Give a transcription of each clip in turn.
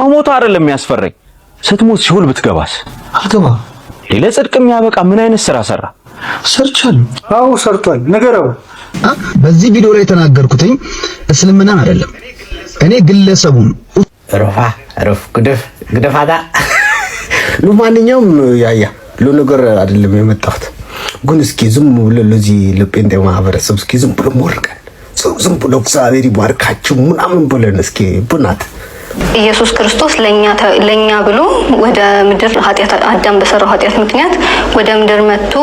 መሞቷ አይደለም የሚያስፈራኝ፣ ስትሞት ሲሆን ብትገባስ? አልገባ ሌላ ጽድቅ የሚያበቃ ምን አይነት ስራ ሰራ? ሰርቻል። አዎ ሰርቷል። ንገረው። በዚህ ቪዲዮ ላይ የተናገርኩትኝ እስልምናን አይደለም፣ እኔ ግለሰቡን ሩፋ ሩፍ ግደፍ ግደፋታ ለማንኛውም ያያ ሉ ነገር አይደለም የመጣሁት ግን እስኪ ዝም ብሎ ለዚህ ለጴንጤ ማህበረሰብ እስኪ ዝም ብሎ ሞርከን ዝም ብሎ እግዚአብሔር ይባርካችሁ ምናምን ብለን እስኪ ብናት ኢየሱስ ክርስቶስ ለእኛ ብሎ ወደ ምድር አዳም በሰራው ኃጢአት ምክንያት ወደ ምድር መጥቶ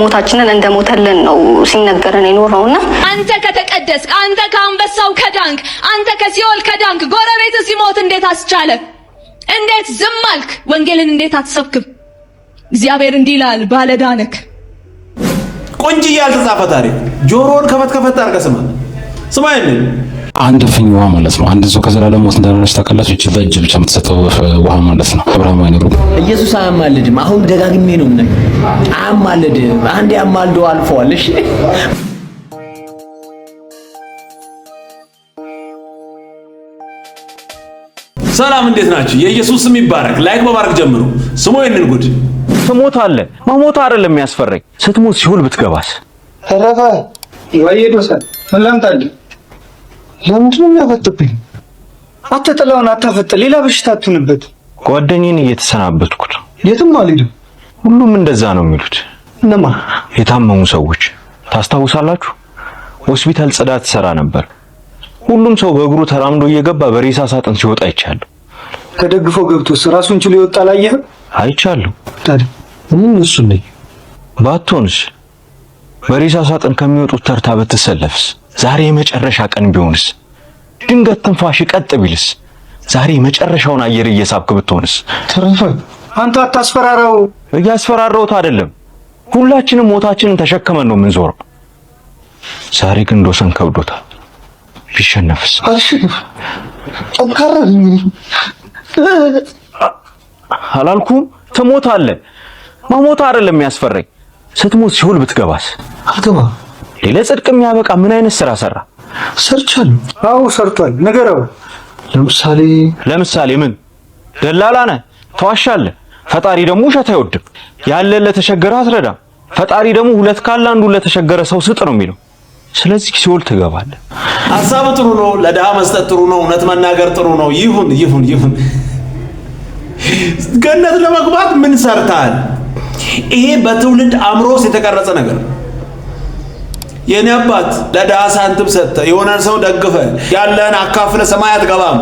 ሞታችንን እንደሞተልን ነው ሲነገረን የኖረው እና አንተ ከተቀደስክ፣ አንተ ከአንበሳው ከዳንክ፣ አንተ ከሲኦል ከዳንክ፣ ጎረቤት ሲሞት እንዴት አስቻለ? እንዴት ዝም አልክ? ወንጌልን እንዴት አትሰብክም? እግዚአብሔር እንዲህ ይላል ባለዳነክ ቆንጅዬ ያልተጻፈ ታሪክ ጆሮን ከፈት ከፈት አድርገህ ስማ ስማ አንድ ፍኝ ውሃ ማለት ነው። አንድ ሰው ከዘላለም ሞት እንዳነች ታውቃላችሁ። እቺ በእጅ ብቻ የምትሰጠው ውሃ ማለት ነው። አብርሃም አይኖሩ ኢየሱስ አያማልድም። አሁን ደጋግሜ ነው ምን አያማልድም። አንድ ያማልዶ አልፈዋል። እሺ ሰላም እንዴት ናችሁ? የኢየሱስ ስም ይባረክ። ላይክ በማድረግ ጀምሩ። ስሙ ይህንን ጉድ ስሞት አለ መሞት አይደለም የሚያስፈራኝ። ስትሞት ሲሆን ብትገባስ ተረፈ ወይ ዶሰ ምን ላምጣልህ ለምንድን ነው የሚያፈጥብኝ? አትጥላውን አታፈጥ፣ ሌላ በሽታ አትሁንበት። ጓደኛዬን እየተሰናበትኩት የትም አልሄድም። ሁሉም እንደዛ ነው የሚሉት። እነማ የታመሙ ሰዎች ታስታውሳላችሁ? ሆስፒታል ጽዳት ሰራ ነበር። ሁሉም ሰው በእግሩ ተራምዶ እየገባ በሬሳ ሳጥን ሲወጣ አይቻለሁ። ተደግፎ ገብቶ ራሱን ችሎ ይወጣ ላየ አይቻለሁ። ታዲያ ምን እሱ ነኝ ባትሆንስ? በሬሳ ሳጥን ከሚወጡት ተርታ ብትሰለፍስ? ዛሬ የመጨረሻ ቀን ቢሆንስ? ድንገት ትንፋሽ ቀጥ ቢልስ? ዛሬ የመጨረሻውን አየር እየሳብክ ብትሆንስ? ትርፍ አንተ አታስፈራራው። እያስፈራራሁት አይደለም። ሁላችንም ሞታችንን ተሸክመን ነው የምንዞረው። ዛሬ ግን ዶሰን ከብዶታል። ቢሸነፍስ? አላልኩም? ትሞታለህ። መሞት አይደለም የሚያስፈራኝ፣ ስትሞት ሲውል ብትገባስ? አልገባ ለጽድቅ የሚያበቃ ምን አይነት ስራ ሰራ? ሰርቻል። አዎ ሰርቷል። ንገረው። ለምሳሌ ለምሳሌ ምን? ደላላ ነህ፣ ተዋሻለህ። ፈጣሪ ደግሞ ውሸት አይወድም። ያለን ለተቸገረ አትረዳም። ፈጣሪ ደግሞ ሁለት ካለ አንዱ ለተቸገረ ሰው ስጥ ነው የሚለው። ስለዚህ ሲኦል ትገባለህ። ሀሳብ ጥሩ ነው። ለድሃ መስጠት ጥሩ ነው። እውነት መናገር ጥሩ ነው። ይሁን ይሁን ይሁን። ገነት ለመግባት ምን ሰርታል? ይሄ በትውልድ አእምሮ ውስጥ የተቀረጸ ነገር ነው። የኔ አባት ለድሃ ሳንቲም ሰጥተህ የሆነን ሰው ደግፈህ ያለህን አካፍለ ሰማይ አትገባም።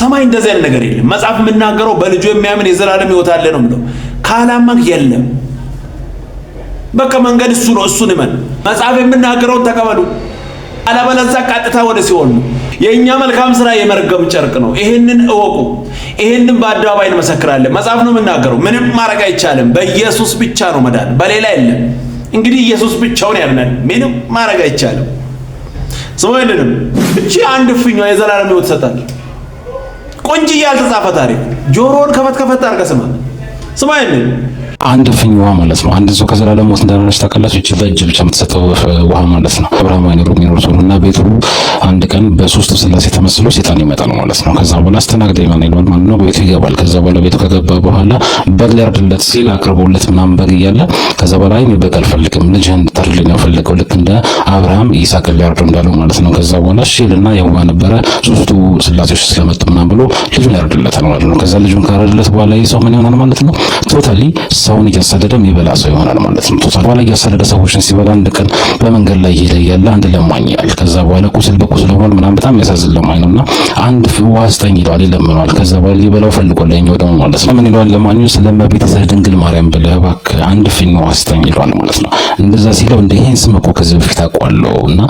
ሰማይ እንደዚህ አይነት ነገር የለም። መጽሐፍ የምናገረው በልጁ የሚያምን የዘላለም ሕይወት አለ ነው የሚለው። ካላመንክ የለም። በቃ መንገድ እሱ ነው። እሱን እመን። መጽሐፍ የምናገረውን ተቀበሉ። አለበለዚያ ቀጥታ ወደ ሲሆን የእኛ መልካም ስራ የመርገም ጨርቅ ነው። ይህንን እወቁ። ይህንን በአደባባይ እንመሰክራለን። መጽሐፍ ነው የምናገረው። ምንም ማድረግ አይቻልም። በኢየሱስ ብቻ ነው መዳን፣ በሌላ የለም። እንግዲህ ኢየሱስ ብቻውን ያድናል። ምንም ማድረግ አይቻልም። ሰው እቺ አንድ እፍኛ የዘላለም ሕይወት ሰጣል። ቆንጅዬ ያልተጻፈ ታሪክ ጆሮን ከፈት ከፈት አድርገህ ስማ ስማ አንድ ፍኝ ውሃ ማለት ነው። አንድ ሰው ከዘላለም ሞት እንዳደረች ታውቃላችሁ። እቺ በእጅ ብቻ የምትሰጠው ውሃ ማለት ነው። አብርሃም አይኖሩ የሚኖር ሰው እና ቤቱ አንድ ቀን በሶስቱ ስላሴ ተመስሎ ሴጣን ይመጣል ማለት ነው። ከዛ በኋላ አስተናግደ ይሆን ማለት ነው። ቤቱ ይገባል። ከዛ በኋላ ቤቱ ከገባ በኋላ በግ ሊያርድለት ሲል አቅርቦለት ምናምን በግ እያለ ከዛ በኋላ አይ በግ አልፈልግም ልጅህን እንድትሆንልን ያፈለገው ልክ እንደ አብርሃም ይስሐቅ ሊያርዱ እንዳለው ማለት ነው። ከዛ በኋላ ሼልና የዋ ነበረ ሶስቱ ስላሴዎች ስለመጡ ምናም ብሎ ልጁን ያረድለታል ማለት ነው። ከዛ ልጁን ካረድለት በኋላ ይህ ሰው ምን ይሆናል ማለት ነው? ቶታሊ ሰውን እያሳደደ የሚበላ ሰው ይሆናል ማለት ነው። ቶታሊ በኋላ እያሳደደ ሰዎችን ሲበላ አንድ ቀን በመንገድ ላይ እየሄደ እያለ አንድ ለማኝ ይላል። ከዛ በኋላ ቁስል በቁስል ሆኗል ምናም በጣም ያሳዝን ለማኝ ነውና አንድ ዋስጠኝ ይለዋል ይለምነዋል። ከዛ በኋላ ሊበላው ፈልጓል ያኛው ደግሞ ማለት ነው። ምን ይለዋል ለማኙ ስለመቤቴ ድንግል ማርያም ብለህ እባክህ አንድ ፊኛ ዋስጠኝ ይለዋል ማለት ነው። እንደዛ ሲለው እንደው እንደ ይሄን ስም እኮ ከዚህ በፊት አውቀዋለሁ እና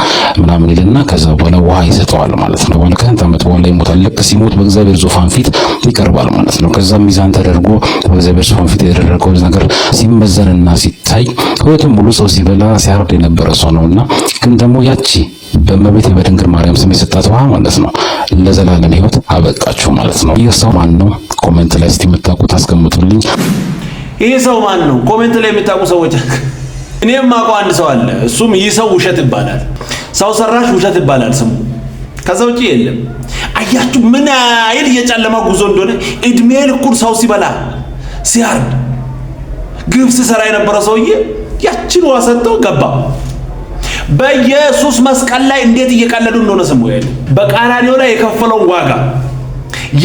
ምናምን ይልና ከዛ በኋላ ውሃ ይሰጠዋል ማለት ነው። በኋላ ከአንድ ዓመት በኋላ ይሞታል። ልክ ሲሞት በእግዚአብሔር ዙፋን ፊት ይቀርባል ማለት ነው። ከዛ ሚዛን ተደርጎ በእግዚአብሔር ዙፋን ፊት የተደረገው ነገር ሲመዘንና ሲታይ ህይወቱን ሙሉ ሰው ሲበላ ሲያርድ የነበረ ሰው እና ግን ደግሞ ያቺ በመቤት በድንግል ማርያም ስም የሰጣት ውሃ ማለት ነው ለዘላለም ህይወት አበቃችሁ ማለት ነው። ይህ ሰው ማን ነው? ኮሜንት ላይ እስቲ የምታውቁት አስቀምጡልኝ። ይህ ሰው ማን ነው? ኮሜንት ላይ የምታውቁ ሰዎች እኔም አውቀው አንድ ሰው አለ። እሱም ይህ ሰው ውሸት ይባላል፣ ሰው ሰራሽ ውሸት ይባላል ስሙ። ከዛ ውጭ የለም። አያችሁ ምን አይል የጨለማ ጉዞ እንደሆነ እድሜ ልኩን ሰው ሲበላ ሲያርድ ግብስ ሲሰራ የነበረ ሰውዬ ያችን ውሃ ሰጥተው ገባ። በኢየሱስ መስቀል ላይ እንዴት እየቀለዱ እንደሆነ ስሙ። ያለ በቀራንዮ ላይ የከፈለውን ዋጋ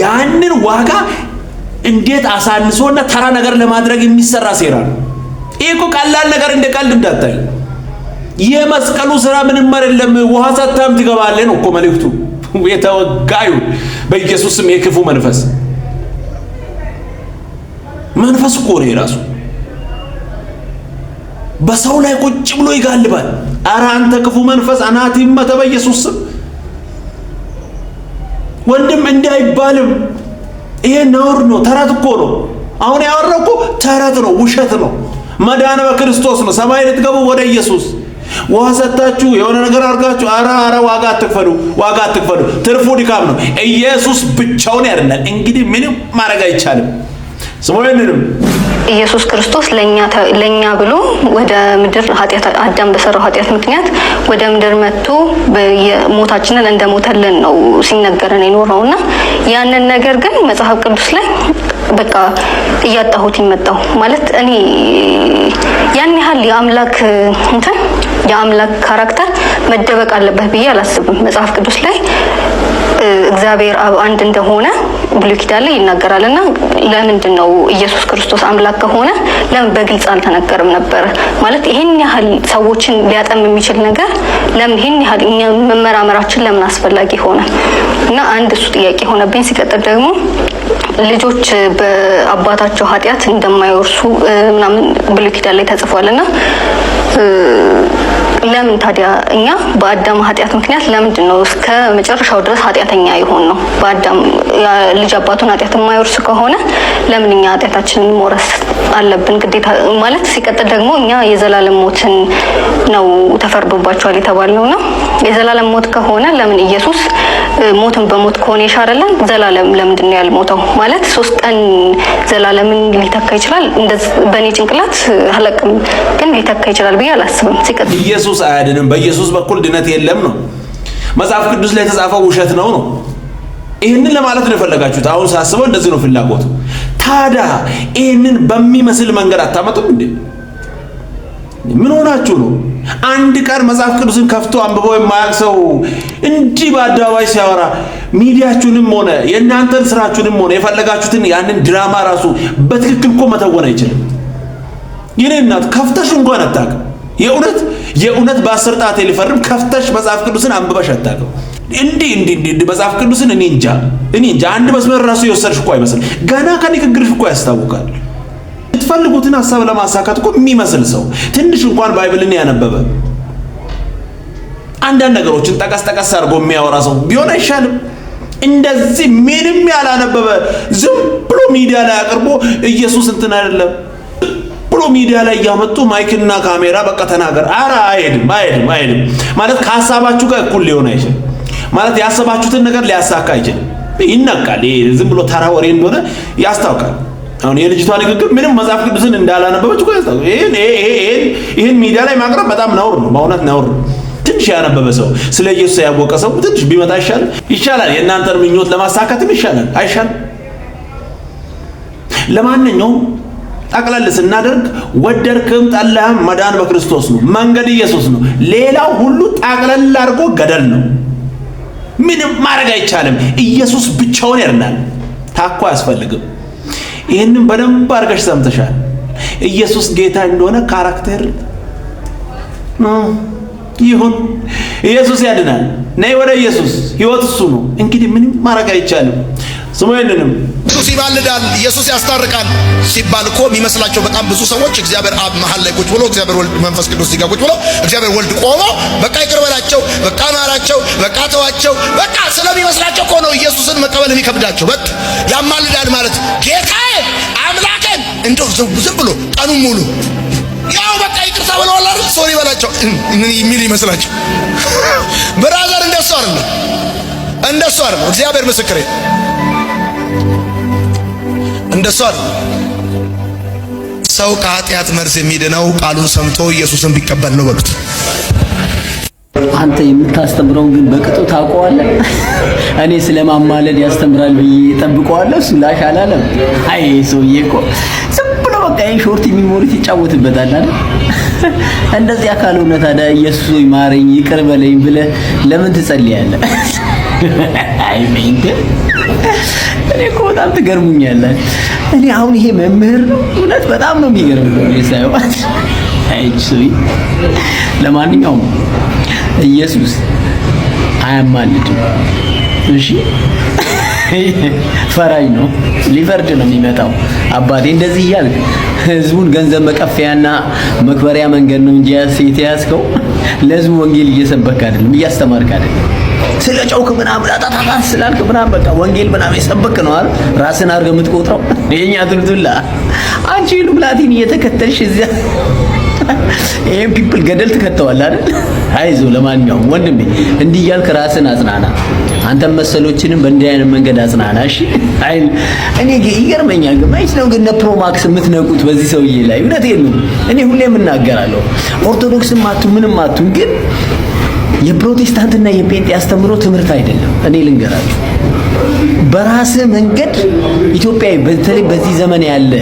ያንን ዋጋ እንዴት አሳንሶና ተራ ነገር ለማድረግ የሚሰራ ሴራ ነው። ይህ እኮ ቀላል ነገር እንደ ቀልድ እንዳታይ። የመስቀሉ ስራ ምንም አይደለም። ውሃ ሳታም ትገባለህ ነው እኮ መልእክቱ። የተወጋዩ በኢየሱስም የክፉ መንፈስ መንፈስ እኮ ነው የራሱ በሰው ላይ ቁጭ ብሎ ይጋልባል። አረ አንተ ክፉ መንፈስ አናት ይመተ በኢየሱስ ወንድም እንዳይባልም ይሄ ነውር ነው፣ ተረት እኮ ነው። አሁን ያወራው እኮ ተረት ነው፣ ውሸት ነው። መዳን በክርስቶስ ነው። ሰማይ ልትገቡ ወደ ኢየሱስ ውሃ ሰጥታችሁ የሆነ ነገር አድርጋችሁ፣ አረ አረ ዋጋ አትክፈሉ፣ ዋጋ አትክፈሉ። ትርፉ ድካም ነው። ኢየሱስ ብቻውን ያድናል። እንግዲህ ምንም ማድረግ አይቻልም። ስሞይንንም ኢየሱስ ክርስቶስ ለእኛ ብሎ ወደ ምድር አዳም በሰራው ኃጢአት ምክንያት ወደ ምድር መጥቶ ሞታችንን እንደሞተልን ነው ሲነገረን የኖረውና ያንን ነገር ግን መጽሐፍ ቅዱስ ላይ በቃ እያጣሁት ይመጣው ማለት እኔ ያን ያህል የአምላክ እንትን የአምላክ ካራክተር መደበቅ አለበት ብዬ አላስብም። መጽሐፍ ቅዱስ ላይ እግዚአብሔር አብ አንድ እንደሆነ ብሉይ ኪዳን ላይ ይናገራል እና ለምንድን ነው ኢየሱስ ክርስቶስ አምላክ ከሆነ ለምን በግልጽ አልተነገርም ነበር? ማለት ይሄን ያህል ሰዎችን ሊያጠም የሚችል ነገር ለምን ይሄን ያህል እኛ መመራመራችን ለምን አስፈላጊ ሆነ? እና አንድ እሱ ጥያቄ ሆነብኝ። ሲቀጥል ደግሞ ልጆች በአባታቸው ኃጢአት እንደማይወርሱ ምናምን ብሉይ ኪዳን ላይ ተጽፏል እና ለምን ታዲያ እኛ በአዳም ኃጢአት ምክንያት ለምንድን ነው እስከ መጨረሻው ድረስ ኃጢአተኛ የሆን ነው? በአዳም ልጅ አባቱን ኃጢአት የማይወርስ ከሆነ ለምን እኛ ኃጢአታችንን መውረስ አለብን? ግዴታ ማለት ሲቀጥል ደግሞ እኛ የዘላለም ሞትን ነው ተፈርዶባቸዋል የተባለው ነው። የዘላለም ሞት ከሆነ ለምን ኢየሱስ ሞትን በሞት ከሆነ የሻረለን ዘላለም ለምንድን ነው ያልሞተው? ማለት ሶስት ቀን ዘላለምን ሊተካ ይችላል። በእኔ ጭንቅላት አለቅም፣ ግን ሊተካ ይችላል ብዬ አላስብም። ኢየሱስ አያድንም፣ በኢየሱስ በኩል ድነት የለም ነው መጽሐፍ ቅዱስ ላይ የተጻፈው ውሸት ነው ነው ይህንን ለማለት ነው የፈለጋችሁት። አሁን ሳስበው እንደዚህ ነው ፍላጎት ታዲያ ይህንን በሚመስል መንገድ አታመጡም እንዴ? ምን ሆናችሁ ነው? አንድ ቀን መጽሐፍ ቅዱስን ከፍቶ አንብቦ የማያውቅ ሰው እንዲህ በአደባባይ ሲያወራ ሚዲያችሁንም ሆነ የእናንተን ስራችሁንም ሆነ የፈለጋችሁትን ያንን ድራማ ራሱ በትክክል እኮ መተወን አይችልም። የኔ እናት ከፍተሽ እንኳን አታውቅም። የእውነት የእውነት በአስር ጣቴ ሊፈርም ከፍተሽ መጽሐፍ ቅዱስን አንብበሽ አታውቅም። እንዲህ እንዲህ እንዲህ መጽሐፍ ቅዱስን እኔ እንጃ እኔ እንጃ አንድ መስመር ራሱ የወሰድሽ እኮ አይመስል ገና ከንግግርሽ እኮ ያስታውቃል። የምትፈልጉትን ሀሳብ ለማሳካት እኮ የሚመስል ሰው ትንሽ እንኳን ባይብልን ያነበበ አንዳንድ ነገሮችን ጠቀስ ጠቀስ አድርጎ የሚያወራ ሰው ቢሆን አይሻልም? እንደዚህ ምንም ያላነበበ ዝም ብሎ ሚዲያ ላይ አቅርቦ ኢየሱስ እንትን አይደለም ብሎ ሚዲያ ላይ እያመጡ ማይክና ካሜራ በቃ ተናገር። ኧረ አይሄድም፣ አይሄድም፣ አይሄድም ማለት ከሀሳባችሁ ጋር እኩል ሊሆን አይችልም። ማለት ያሰባችሁትን ነገር ሊያሳካ አይችልም። ይነቃል። ዝም ብሎ ተራ ወሬ እንደሆነ ያስታውቃል። አሁን የልጅቷ ንግግር ምንም መጽሐፍ ቅዱስን እንዳላነበበች እኮ ያስታውቅ። ይሄን ይሄን ሚዲያ ላይ ማቅረብ በጣም ነውር ነው፣ በእውነት ነውር ነው። ትንሽ ያነበበ ሰው ስለ ኢየሱስ ያወቀ ሰው ትንሽ ቢመጣ ይሻል ይሻላል። የእናንተን ምኞት ለማሳካትም ይሻላል አይሻል? ለማንኛውም ጠቅለል ስናደርግ ወደድክም ጠላህም መዳን በክርስቶስ ነው፣ መንገድ ኢየሱስ ነው። ሌላው ሁሉ ጠቅለል አድርጎ ገደል ነው። ምንም ማድረግ አይቻልም። ኢየሱስ ብቻውን ያድናል። ታኮ አያስፈልግም። ይህንን በደንብ አድርገሽ ሰምተሻል። ኢየሱስ ጌታ እንደሆነ ካራክተር ይሁን። ኢየሱስ ያድናል። ነይ ወደ ኢየሱስ። ህይወት እሱ ነው። እንግዲህ ምንም ማድረግ አይቻልም። ስሙ ይንንም ኢየሱስ ይማልዳል፣ ኢየሱስ ያስታርቃል ሲባል እኮ የሚመስላቸው በጣም ብዙ ሰዎች እግዚአብሔር አብ መሀል ላይ ቁጭ ብሎ እግዚአብሔር ወልድ መንፈስ ቅዱስ ሲጋ ቁጭ ብሎ እግዚአብሔር ወልድ ቆሞ በቃ ይቅር በላቸው፣ በቃ ማራቸው፣ በቃ ተዋቸው፣ በቃ ስለሚመስላቸው እኮ ነው ኢየሱስን መቀበል የሚከብዳቸው። በቃ ያማልዳል ማለት ጌታዬ፣ አምላኬን እንደው ዝም ዝም ብሎ ቀኑ ሙሉ ያው በቃ ይቅርታ ብለው አይደል ሶሪ በላቸው የሚል ይመስላቸው። ብራዘር እንደሱ አይደለም፣ እንደሱ አይደለም። እግዚአብሔር ምስክሬ እንደሱ አይደለም። ሰው ከኃጢአት መርዝ የሚድነው ቃሉን ሰምቶ ኢየሱስን ቢቀበል ነው በሉት። አንተ የምታስተምረው ግን በቅጡ ታውቀዋለህ። እኔ ስለማማለድ ያስተምራል ብዬ ጠብቀዋለሁ። እሱ ላሽ አላለም። አይ ሰውዬ እኮ ዝም ብሎ በቃ ሾርት ሚሞሪት ይጫወትበታል አይደል? አካል ካልሆነ ታዲያ ኢየሱስ ሆይ ማረኝ ይቅር በለኝ ብለህ ለምን ትጸልያለህ? አይ እኔ እኮ በጣም ትገርሙኛለህ። እኔ አሁን ይሄ መምህር እውነት በጣም ነው የሚገርም ነው። ለማንኛውም ኢየሱስ አያማልድም። እሺ ፈራጅ ነው፣ ሊፈርድ ነው የሚመጣው። አባቴ እንደዚህ እያልክ ህዝቡን ገንዘብ መቀፈያና መክበሪያ መንገድ ነው እንጂ ሴት ለህዝቡ ወንጌል እየሰበክ አይደለም፣ እያስተማርክ አይደለም። ስለ ጨውክ ምናምን አጣጣጣት ስላልክ ምናምን በቃ ወንጌል ምናምን የሰበክ ነው አይደል? ራስን አድርገህ የምትቆጥረው የኛ ዱልዱላ አንቺ ሉብላቲን እየተከተልሽ እዚያ ይሄን ፒፕል ገደል ትከተዋል አይደል? አይዞ ለማንኛውም ወንድሜ እንዲህ እያልክ ራስን አጽናና። አንተም መሰሎችንም በእንዲህ አይነት መንገድ አጽናና። እሺ አይል እኔ ይገርመኛል፣ ግን ማለት ነው ግን ፕሮማክስ የምትነቁት በዚህ ሰውዬ ላይ እውነቴን ነው። እኔ ሁሌ የምናገራለሁ ኦርቶዶክስም አቱ ምንም አቱ ግን የፕሮቴስታንትና የጴንጤ አስተምሮ ትምህርት አይደለም። እኔ ልንገራችሁ፣ በራስ መንገድ ኢትዮጵያዊ፣ በተለይ በዚህ ዘመን ያለ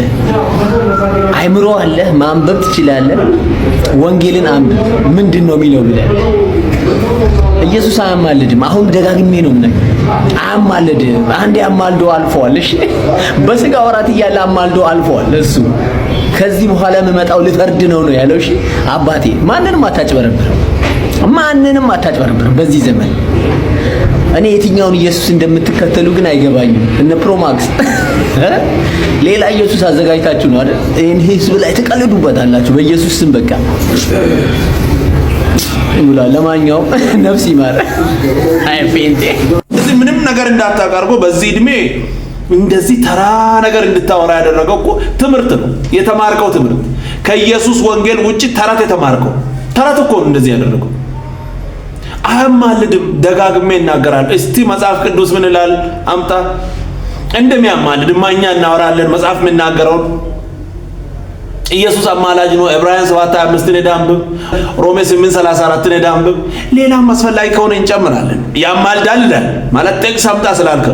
አይምሮ አለ፣ ማንበብ ትችላለህ። ወንጌልን አንብብ። ምንድን ነው የሚለው ብለህ ኢየሱስ አያማልድም። አሁን ደጋግሜ ነው የምነግርህ፣ አያማልድም። አንዴ አማልዶ አልፈዋል። እሺ፣ በስጋ ወራት እያለ አማልዶ አልፈዋል። እሱ ከዚህ በኋላ የምመጣው ልፈርድ ነው ነው ያለው። እሺ አባቴ፣ ማንንም አታጭበረብረው። ማንንም አታጭበርብር በዚህ ዘመን። እኔ የትኛውን ኢየሱስ እንደምትከተሉ ግን አይገባኝም። እነ ፕሮማክስ ሌላ ኢየሱስ አዘጋጅታችሁ ነው አይደል? ይሄን ህዝብ ላይ ትቀልዱበታላችሁ። በኢየሱስ ስም በቃ ይውላ። ለማንኛውም ነፍስ ይማር። አይ እዚህ ምንም ነገር እንዳታቀርቡ በዚህ እድሜ እንደዚህ ተራ ነገር እንድታወራ ያደረገው እኮ ትምህርት ነው የተማርከው ትምህርት ከኢየሱስ ወንጌል ውጭ ተረት የተማርከው ተረት እኮ እንደዚህ ያደረገው። አያማልድም። ደጋግሜ ይናገራል። እስቲ መጽሐፍ ቅዱስ ምን ይላል? አምጣ። እንደሚያማልድ እኛ እናወራለን። መጽሐፍ የምናገረውን ኢየሱስ አማላጅ ነው። ዕብራውያን 7:25 ዳንብብ፣ ሮሜ 8:34 ዳንብብ። ሌላም አስፈላጊ ከሆነ እንጨምራለን። ያማልዳል ይላል ማለት ጥቅስ አምጣ ስላልከ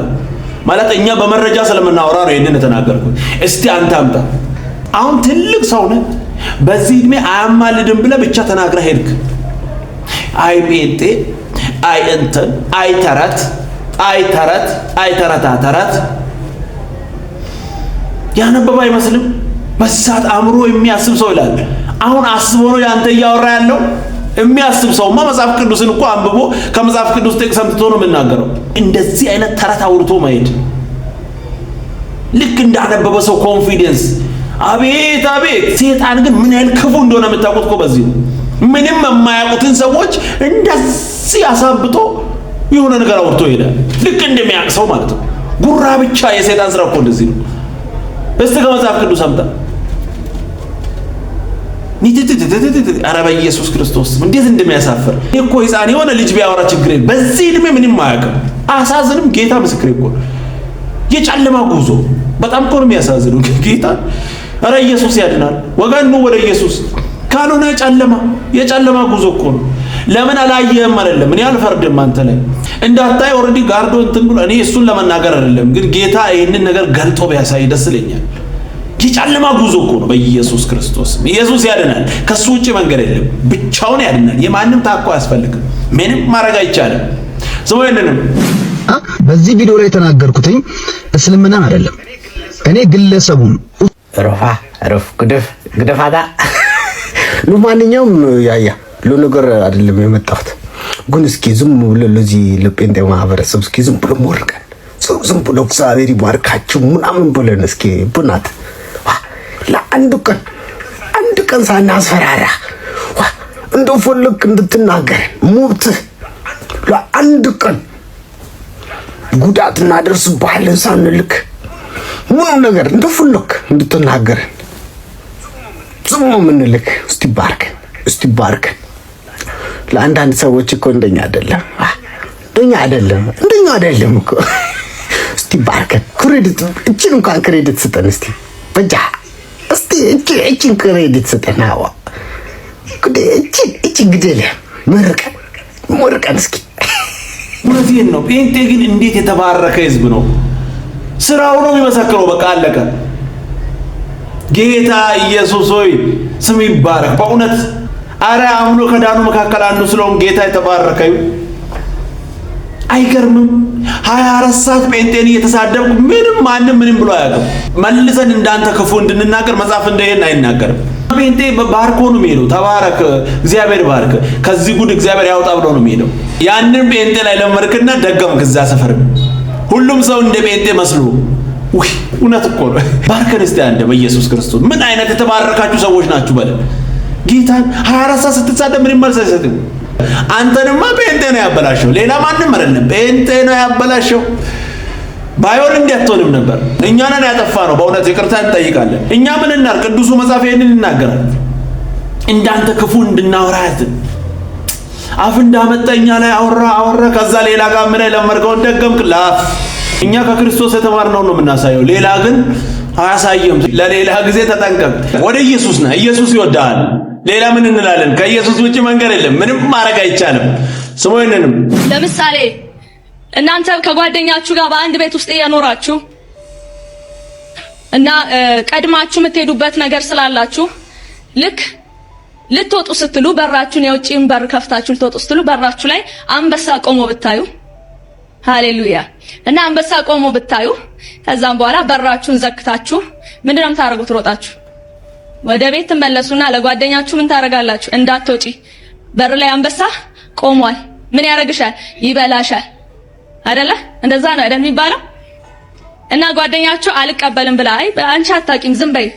ማለት እኛ በመረጃ ስለምናወራ ነው ይህንን የተናገርኩት። እስቲ አንተ አምጣ። አሁን ትልቅ ሰው ነህ፣ በዚህ ዕድሜ አያማልድም ብለህ ብቻ ተናግረህ ሄድክ። አይ ጴንጤ፣ አይ እንትን፣ አይ ተረት፣ አይ ተረት፣ አይ ተረታ ተረት ያነበበ አይመስልም። በሳት አእምሮ የሚያስብ ሰው ይላል። አሁን አስቦ ነው ያንተ እያወራ ያለው። የሚያስብ ሰውማ መጽሐፍ ቅዱስን እኮ አንብቦ ከመጽሐፍ ቅዱስ ጥቅስ ሰምትቶ ነው የምናገረው። እንደዚህ አይነት ተረት አውርቶ መሄድ ልክ እንዳነበበ ሰው ኮንፊደንስ አቤት አቤት። ሴጣን ግን ምን ያህል ክፉ እንደሆነ የምታውቁት እኮ በዚህ ነው። ምንም የማያውቁትን ሰዎች እንደዚህ አሳብቶ የሆነ ነገር አውርቶ ሄደ ልክ እንደሚያውቅ ሰው ማለት ነው። ጉራ ብቻ የሰይጣን ስራ እኮ እንደዚህ ነው። እስቲ ከመጽሐፍ ቅዱስ አምጣ። ኧረ በኢየሱስ ክርስቶስ እንዴት እንደሚያሳፍር እኮ ህፃን የሆነ ልጅ ቢያወራ ችግር የለም። በዚህ እድሜ ምንም አያውቅም። አሳዝንም ጌታ ምስክሬ እኮ የጨለማ ጉዞ በጣም እኮ ነው የሚያሳዝነው። ጌታ ኧረ ኢየሱስ ያድናል። ወገኑ ወደ ኢየሱስ ካልሆነ ጨለማ የጨለማ ጉዞ እኮ ነው። ለምን አላየህም አይደለም፣ እኔ አልፈርድም አንተ ላይ እንዳታይ ኦልሬዲ ጋርዶ እንትን ብሎ እኔ እሱን ለመናገር አይደለም፣ ግን ጌታ ይህንን ነገር ገልጦ ቢያሳይ ደስ ይለኛል። የጨለማ ጉዞ እኮ ነው። በኢየሱስ ክርስቶስ ኢየሱስ ያድናል። ከሱ ውጭ መንገድ የለም። ብቻውን ያድናል። የማንም ታኮ አያስፈልግም። ምንም ማድረግ አይቻልም። ስሙ ይንንም በዚህ ቪዲዮ ላይ የተናገርኩትኝ እስልምናን አይደለም። እኔ ግለሰቡን ሩፋ ሩፍ ግድፍ ግድፋታ ለማንኛውም ያያ ሎ ነገር አይደለም የመጣሁት ግን እስኪ ዝም ብሎ ለዚህ ለጴንጤ ማህበረሰብ እስኪ ዝም ብሎ ሞርቀን ዝም ብሎ እግዚአብሔር ይባርካችሁ ምናምን ብለን እስኪ ብናት ለአንድ ቀን አንድ ቀን ሳናስፈራራ እንደፈለግ እንድትናገር መብትህ ለአንድ ቀን ጉዳት እናደርስ እናደርስብሃለን ሳንልክ ምንም ነገር እንደፈለግ እንድትናገረን ጽሙ ምንልክ እስቲ ባርክ እስቲ ባርክ። ለአንዳንድ ሰዎች እኮ እንደኛ አይደለም፣ እንደኛ አይደለም፣ እንደኛ አይደለም እኮ እስቲ ባርክ። ክሬዲት እችን እንኳን ክሬዲት ስጠን እስቲ በጃ እስቲ እቺ እቺ ክሬዲት ስጠን። አዎ ግዴ እቺ እቺ ግዴለ መርቀን መርቀን እስኪ እውነቴን ነው። ጴንጤ ግን እንዴት የተባረከ ህዝብ ነው! ስራው ነው የሚመሰክረው። በቃ አለቀ። ጌታ ኢየሱስ ሆይ ስም ይባረክ። በእውነት አረ አምኖ ከዳኑ መካከል አንዱ ስለሆን ጌታ የተባረከ ይሁን። አይገርምም? ሀያ አራት ሰዓት ጴንጤን እየተሳደብኩ ምንም ማንም ምንም ብሎ አያውቅም። መልሰን እንዳንተ ክፉ እንድንናገር መጽሐፍ እንደሄን አይናገርም። ጴንጤ ባርኮ ነው የሚሄደው። ተባረክ፣ እግዚአብሔር ባርክ፣ ከዚህ ጉድ እግዚአብሔር ያውጣ ብሎ ነው የሚሄደው። ያንን ጴንጤ ላይ ለመርክና ደገምክ። እዛ ሰፈርም ሁሉም ሰው እንደ ጴንጤ መስሎ ውይ እውነት እኮ ነው። ባርከን እስቲ አንዴ በኢየሱስ ክርስቶስ ምን አይነት የተባረካችሁ ሰዎች ናችሁ በለ። ጌታን 24 ሰዓት ስትሳደብ ምንም መልስ አይሰጥም። አንተንማ ጴንጤ ነው ያበላሸው፣ ሌላ ማንም አይደለም። ጴንጤ ነው ያበላሸው። ባይሆን እንዲህ አትሆንም ነበር። እኛንን ያጠፋ ነው። በእውነት ይቅርታ እንጠይቃለን። እኛ ምን እናር ቅዱሱ መጽሐፍ ይህንን ይናገራል። እንዳንተ ክፉ እንድናወራት አፍ እንዳመጠኛ ላይ አወራ አወራ። ከዛ ሌላ ጋር ምን ለመድከውን ደገምክ ላፍ እኛ ከክርስቶስ የተማርነው ነው የምናሳየው። ሌላ ግን አያሳየም። ለሌላ ጊዜ ተጠንቀቅ። ወደ ኢየሱስ ነህ። ኢየሱስ ይወዳል ሌላ ምን እንላለን? ከኢየሱስ ውጭ መንገድ የለም። ምንም ማድረግ አይቻልም። ስሙ ይነንም ለምሳሌ እናንተ ከጓደኛችሁ ጋር በአንድ ቤት ውስጥ እየኖራችሁ እና ቀድማችሁ የምትሄዱበት ነገር ስላላችሁ ልክ ልትወጡ ስትሉ በራችሁን የውጭን በር ከፍታችሁ ልትወጡ ስትሉ በራችሁ ላይ አንበሳ ቆሞ ብታዩ ሃሌሉያ እና አንበሳ ቆሞ ብታዩ ከዛም በኋላ በራችሁን ዘግታችሁ ምንድነው የምታደርጉት? ሮጣችሁ ወደ ቤት ትመለሱና ለጓደኛችሁ ምን ታደርጋላችሁ? እንዳትወጪ በር ላይ አንበሳ ቆሟል። ምን ያደርግሻል? ይበላሻል። አይደለ? እንደዛ ነው አይደል የሚባለው? እና ጓደኛችሁ አልቀበልም ብላ አይ አንቺ አታቂም ዝም በይ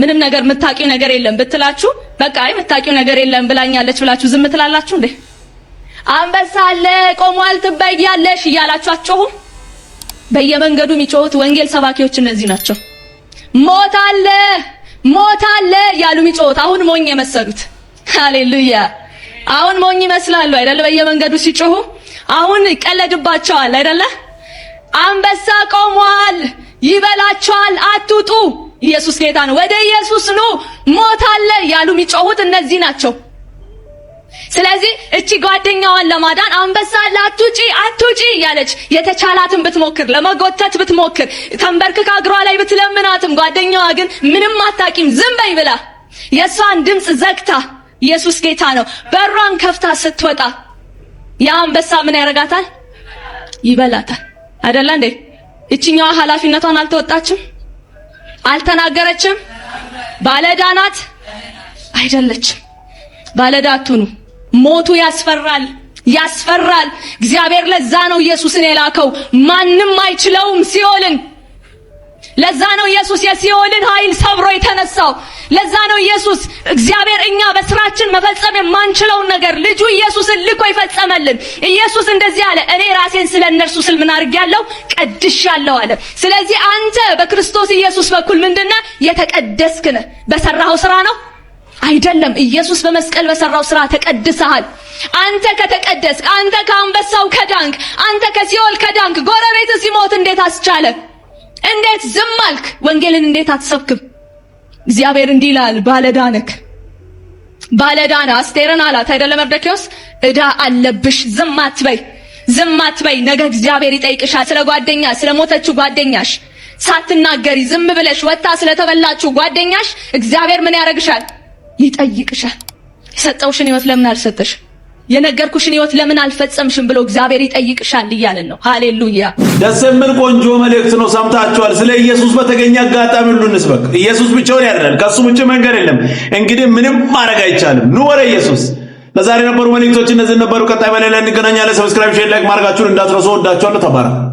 ምንም ነገር የምታቂው ነገር የለም ብትላችሁ፣ በቃ አይ የምታቂው ነገር የለም ብላኛለች ብላችሁ ዝም ትላላችሁ እንዴ? አንበሳ አለ ቆሟል ትበያለሽ እያላችሁ አትጮሁም? በየመንገዱ የሚጮሁት ወንጌል ሰባኪዎች እነዚህ ናቸው። ሞት አለ ሞት አለ እያሉ የሚጮሁት አሁን ሞኝ የመሰሉት ሃሌሉያ። አሁን ሞኝ ይመስላሉ አይደለ? በየመንገዱ ሲጮሁ አሁን ይቀለድባቸዋል አይደለ? አንበሳ ቆሟል ይበላቸዋል፣ አትውጡ። ኢየሱስ ጌታ ነው፣ ወደ ኢየሱስ ኑ፣ ሞት አለ እያሉ የሚጮሁት እነዚህ ናቸው። ስለዚህ እቺ ጓደኛዋን ለማዳን አንበሳ አለ አትውጪ አትውጪ እያለች የተቻላትን ብትሞክር ለመጎተት ብትሞክር ተንበርክካ እግሯ ላይ ብትለምናትም ጓደኛዋ ግን ምንም አታቂም ዝም በይ ብላ የእሷን ድምፅ ዘግታ ኢየሱስ ጌታ ነው በሯን ከፍታ ስትወጣ ያ አንበሳ ምን ያደርጋታል? ይበላታል። አይደለ እንዴ? እቺኛዋ ኃላፊነቷን አልተወጣችም፣ አልተናገረችም። ባለዳናት አይደለችም? ባለዕዳ አትሁኑ። ሞቱ ያስፈራል ያስፈራል። እግዚአብሔር ለዛ ነው ኢየሱስን የላከው። ማንም አይችለውም ሲኦልን። ለዛ ነው ኢየሱስ የሲኦልን ኃይል ሰብሮ የተነሳው። ለዛ ነው ኢየሱስ እግዚአብሔር እኛ በስራችን መፈጸም የማንችለውን ነገር ልጁ ኢየሱስን ልኮ ይፈጸመልን። ኢየሱስ እንደዚህ አለ፣ እኔ ራሴን ስለ እነርሱ ስል ምን አድርጌያለሁ? ቀድሻለሁ አለ። ስለዚህ አንተ በክርስቶስ ኢየሱስ በኩል ምንድነህ? የተቀደስክነ ነህ። በሰራኸው ስራ ነው አይደለም። ኢየሱስ በመስቀል በሰራው ስራ ተቀድሰሃል። አንተ ከተቀደስ አንተ ከአንበሳው ከዳንክ፣ አንተ ከሲኦል ከዳንክ፣ ጎረቤት ሲሞት እንዴት አስቻለ? እንዴት ዝም አልክ? ወንጌልን እንዴት አትሰብክም? እግዚአብሔር እንዲህ ይላል፣ ባለዳነክ ባለዳነ አስቴርን አላት አይደለ መርደኪዎስ፣ እዳ አለብሽ፣ ዝም አትበይ፣ ዝም አትበይ። ነገ እግዚአብሔር ይጠይቅሻል ስለ ጓደኛ ስለ ሞተችው ጓደኛሽ ሳትናገሪ ዝም ብለሽ ወታ ስለተበላችሁ ጓደኛሽ እግዚአብሔር ምን ያደርግሻል? ይጠይቅሻል። የሰጠውሽን ህይወት ለምን አልሰጠሽ? የነገርኩሽን ህይወት ለምን አልፈጸምሽም ብሎ እግዚአብሔር ይጠይቅሻል እያለን ነው። ሃሌሉያ! ደስ የሚል ቆንጆ መልእክት ነው። ሰምታችኋል። ስለ ኢየሱስ በተገኘ አጋጣሚ ሁሉ እንስበክ። ኢየሱስ ብቻውን ያድናል። ከሱ ውጭ መንገድ የለም። እንግዲህ ምንም ማድረግ አይቻልም። ኑ ወደ ኢየሱስ። ለዛሬ የነበሩ መልእክቶች እነዚህ ነበሩ። ቀጣይ በሌላ እንገናኛለን። ሰብስክራይብ፣ ሼር፣ ላይክ ማድረጋችሁን እንዳትረሱ። ወዳችኋለሁ። ተባረክ